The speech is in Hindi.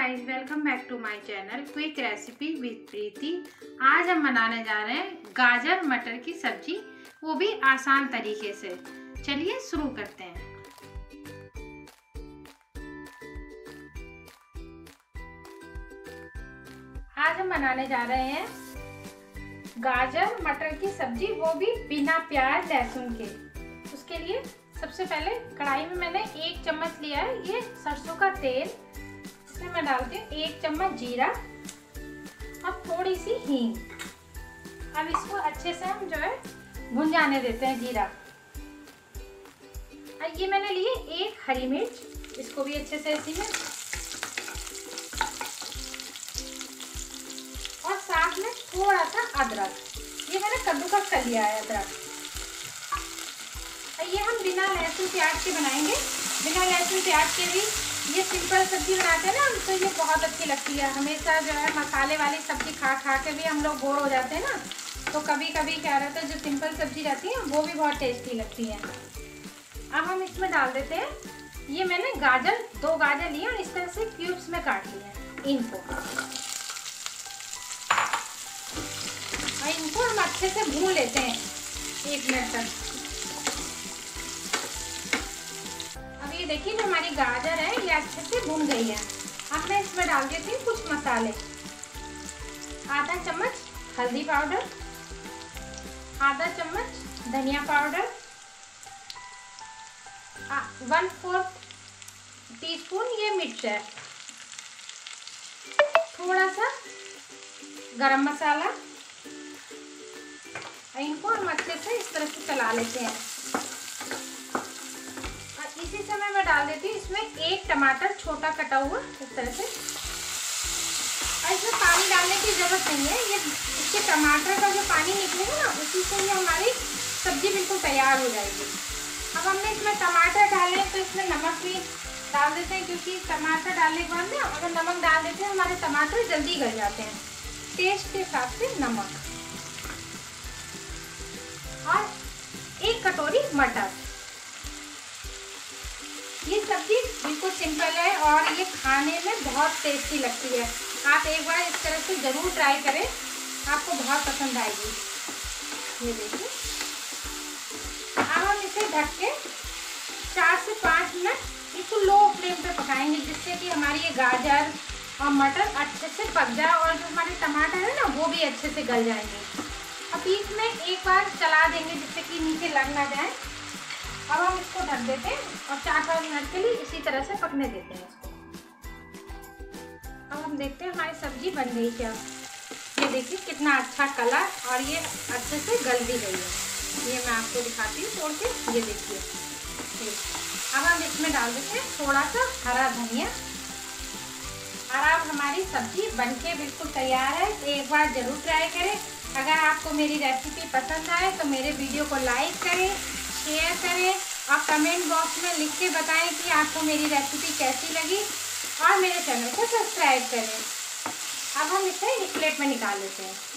guys welcome back to my channel quick recipe with Preeti आज हम बनाने जा रहे हैं गाजर मटर की सब्जी वो भी आसान तरीके से चलिए शुरू करते हैं आज हम बनाने जा रहे हैं गाजर मटर की सब्जी वो भी बिना प्याज लहसुन के उसके लिए सबसे पहले कढ़ाई में मैंने एक चम्मच लिया है ये सरसों का तेल इसमें मैं डालती हूँ एक चम्मच जीरा और थोड़ी सी हींग अब इसको अच्छे से हम जो है भुन जाने देते हैं जीरा और ये मैंने लिए एक हरी मिर्च इसको भी अच्छे से ऐसी में और साथ में थोड़ा सा अदरक ये मैंने कद्दूकस कर लिया है अदरक और ये हम बिना लहसुन प्याज के बनाएंगे बिना लहसुन प्याज के भी ये सिंपल सब्जी बनाते हैं ना हम तो ये बहुत अच्छी लगती है हमेशा जो है मसाले वाली सब्जी खा खा के भी हम लोग बोर हो जाते हैं ना तो कभी कभी क्या रहता है जो सिंपल सब्जी रहती है वो भी बहुत टेस्टी लगती है अब हम इसमें डाल देते हैं ये मैंने गाजर दो गाजर लिए और इस तरह से क्यूब्स में काट लिए इनको और इनको हम अच्छे से भून लेते हैं एक मिनट तक देखिए जो हमारी गाजर है ये अच्छे से भून गई है अब मैं इसमें डाल देती हूँ कुछ मसाले आधा चम्मच हल्दी पाउडर आधा चम्मच धनिया पाउडर वन फोर्थ टीस्पून ये मिर्च है थोड़ा सा गरम मसाला इनको हम अच्छे से इस तरह से चला लेते हैं इसी समय मैं डाल देती हूँ इसमें एक टमाटर छोटा कटा हुआ इस तरह से और इसमें पानी डालने की ज़रूरत नहीं है ये इसके टमाटर का जो पानी निकलेगा ना उसी से ही हमारी सब्जी बिल्कुल तैयार हो जाएगी अब हमने इसमें टमाटर डाले तो इसमें नमक भी डाल देते हैं क्योंकि टमाटर डालने के बाद ना अगर नमक डाल देते हैं हमारे टमाटर जल्दी गल जाते हैं टेस्ट के हिसाब से नमक और एक कटोरी मटर सब्जी बिल्कुल सिंपल है और ये खाने में बहुत टेस्टी लगती है आप एक बार इस तरह से ज़रूर ट्राई करें आपको बहुत पसंद आएगी ये देखिए अब हम इसे ढक के चार से पाँच मिनट बिल्कुल लो फ्लेम पे पकाएंगे जिससे कि हमारी ये गाजर और मटर अच्छे से पक जाए और जो हमारे टमाटर है ना वो भी अच्छे से गल जाएंगे अब बीच में एक बार चला देंगे जिससे कि नीचे लग ना जाए अब हम इसको ढक देते हैं और चार पाँच मिनट के लिए इसी तरह से पकने देते हैं इसको अब हम देखते हैं हमारी सब्जी बन गई क्या ये देखिए कितना अच्छा कलर और ये अच्छे से गल भी गई है ये मैं आपको दिखाती हूँ तोड़ के ये देखिए अब हम इसमें डाल देते हैं थोड़ा सा हरा धनिया और अब हमारी सब्जी बनके बिल्कुल तैयार है एक बार ज़रूर ट्राई करें अगर आपको मेरी रेसिपी पसंद आए तो मेरे वीडियो को लाइक करें शेयर करें और कमेंट बॉक्स में लिख के बताएं कि आपको मेरी रेसिपी कैसी लगी और मेरे चैनल को सब्सक्राइब करें अब हम इसे एक प्लेट में निकाल लेते हैं